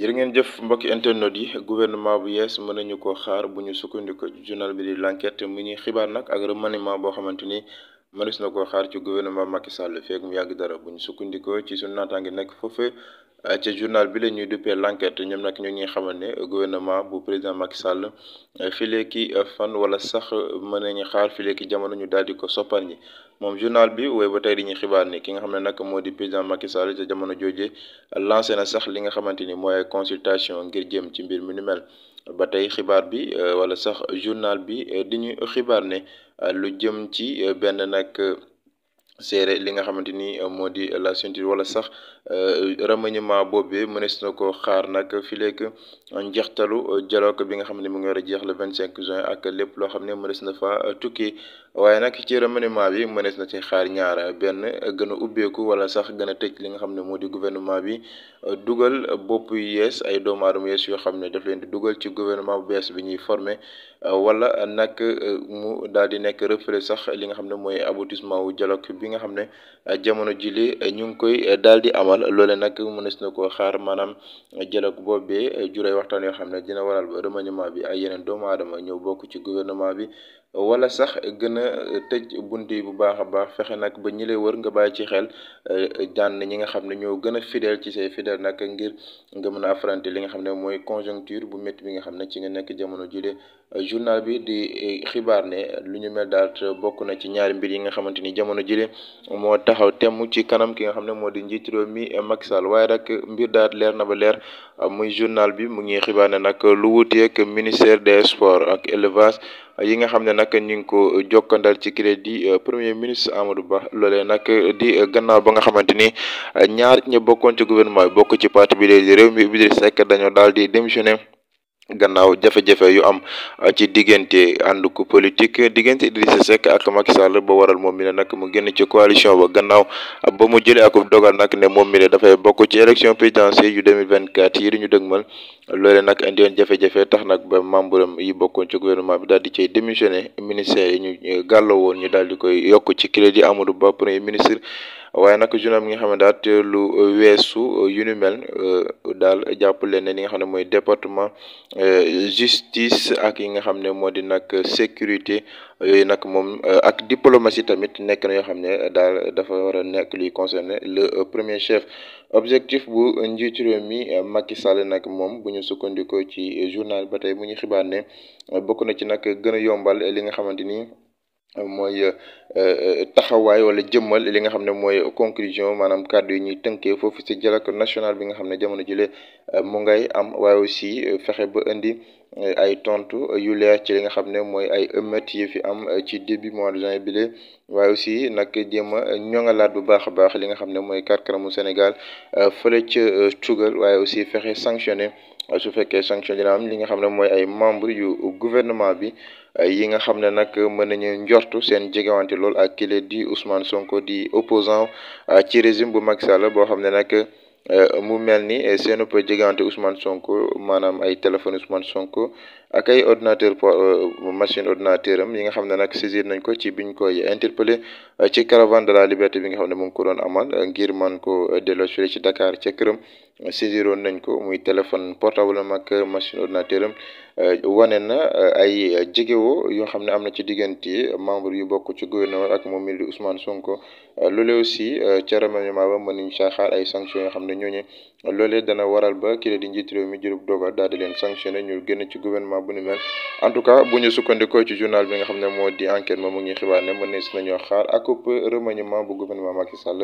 jërë ngeen jëf mbokki internet yi gouvernement bu yees mën nañu ko xaar bu ñu sukkandiku journal bi di l'enquête mu ñuy xibaar nag ak remaniement boo xamante ni mënees na ko xaar ci gouvernement Macky Sall feek mu yàgg dara bu ñu sukkandikoo ci suñu naataange nekk foofu eh, ci journal bi la ñuy duppee l'enquête ñoom nag ñoo ñuy xamal ne gouvernement bu président Macky Sall eh, filee ki eh, fan wala sax mën nañu xaar filee ki jamono ñu daal di ko soppar ñi moom journal bi woy ba tey dañuy xibaar ni ki nga xam ne nag moo di président Macky Sall ca jamono jooje lancé na sax li nga xamante ni mooy consultation ngir jëm ci mbir mi ba tey xibaar bi euh, wala sax journal bi euh, di ñu xibaar ne euh, lu jëm ci benn nag seere li nga xamante ni euh, moo di la ceinture wala sax euh, remaniement boobee mënees na ko xaar nag fi lekk njeextalu euh, dialogue bi nga xam ne mu ngi war a jeexla le vingt cinq juin ak lépp loo xam ne mënees na fa tukki waaye nag ci remaniement bi mënees na ci xaar ñaar benn gën a ubbeeku wala sax gën a tëj li nga xam ne moo di gouvernement bi dugal bopp yu yees ay doomu aadama yees yoo xam ne daf leen di dugal ci gouvernement bu bees bi ñuy formé wala nag mu daal di nekk reflet sax li nga xam ne mooy aboutissement wu dialogue bi bi nga xam ne euh, jamono jili euh, ñu ngi koy euh, daal di amal loole nag mënees na koo xaar maanaam jëlak boobee juray waxtaan yoo xam ne dina waral ba remaniement bi ay yeneen doomu aadama ñëw bokk ci gouvernement bi wala sax gën a tëj bunt yi bu baax a baax fexe nag ba ñi lay wër nga bàyyi ci xel euh, jànn ñi nga xam ne ñoo gën a fidèle ci say fidèle nag ngir nga mën a affronter li nga xam ne mooy conjoncture bu métti bi nga xam ne ci nga nekk jamono jile journal bi di euh, xibaar ne lu ñu mel daal bokk na ci ñaari mbir yi nga xamante ni jamono jile moo taxaw temm ci kanam ki nga xam ne moo di njiit réew mi euh, Macky Sall waaye rek mbir daal leer na ba leer muy journal bi mu ngi xibaar ne nag lu wuuteeg ministère des sports ak élevage yi nga xam ne nag ñu ngi ko jokkandal ci crédit euh, premier ministre Amadou Ba loolee nag di gannaaw ba nga xamante ni ñaar ñi bokkoon ci gouvernement bi bokk ci parti bi di réew mi Idrissa Seck dañoo daal di démissionné. gannaaw jafe-jafe yu am uh, ci diggante ànd ku politique diggante Idrissa Seck ak Macky Sall ba waral moom mi ne nag mu génn ci coalition ba gannaaw uh, ba mu jëlee akub dogal nag ne moom mi ne dafay bokk ci élection présidentielle yu 2024 yi ñu dëgmal loole nag indi woon jafe-jafe tax nag ba membre yi bokkoon ci gouvernement bi daal di cay démissionné ministère yi ñu gàlloo woon ñu daal di koy yokk ci crédit Amadou Ba premier ministre waaye nag journal bi nga xam ne daal lu euh, weesu euh, yu ni mel euh, daal jàpp leen ne li nga xam ne mooy département justice ak yi nga xam ne moo di nag sécurité yooyu nag moom ak diplomatie tamit nekk na yoo xam ne daal dafa war a nekk luy concerné le premier chef objectif bu njiitu mi Macky Sall nag moom bu ñu sukkandikoo ci journal ba tey bu ñu xibaar ne bokk na ci nag gën a yombal li nga xamante ni mooy euh, euh, taxawaay wala jëmmal li nga xam ne mooy conclusion maanaam kàddu yi ñuy tënkee foofu ci dialogue national bi nga xam ne jamono jile euh, mu ngay am waaye aussi fexe ba indi ay tontu yu leer ci li nga xam ne mooy ay émeutes yi fi am ci début mois de juin bile waaye aussi nag jéem a ñoŋalaat bu baax a baax li nga xam ne mooy karkaramu Sénégal fële ca tugal waaye aussi fexe sanctionné. su fekkee sanction dina am li nga xam ne mooy ay membre yu gouvernement bi yi nga xam ne nag mën nañu njortu seen jegewante lool ak kile di Ousmane Sonko di opposant ah, ci régime bu Macky Sall boo xam ne nag Euh, mu mel ni euh, seenub jegante Ousmane Sonko maanaam ay téléphone Ousmane Sonko ak ay ordinateur euh, machine ordinateur am yi nga xam ne nag saisir nañ ko ci biñ koy interpellé ci caravane de la liberté bi nga xam ne mu ngi ko doon amal ngir man ko delloo fii ci Dakar ce këram saisiroon nañ ko muy téléphone portable am ak machine ordinateur am Euh, wane na euh, ay euh, jegewoo yoo xam ne am na ci diggante membre yu bokk ci gouvernement ak moom mii di Ousmane Sonko loolee aussi ca remaniement ba mën nañu saaxaar ay sanctions yoo xam ne ñooñu loolee dana waral ba kii di njiit réew mi jërëb dogal daal di leen sanctionné ñu génn ci gouvernement bu ni mel en tout cas bu ñu sukkandikoo ci journal bi nga xam ne moo di enquête moom mu ngi xibaar ne mën nañu si nañoo xaar ak remaniement bu gouvernement Macky Sall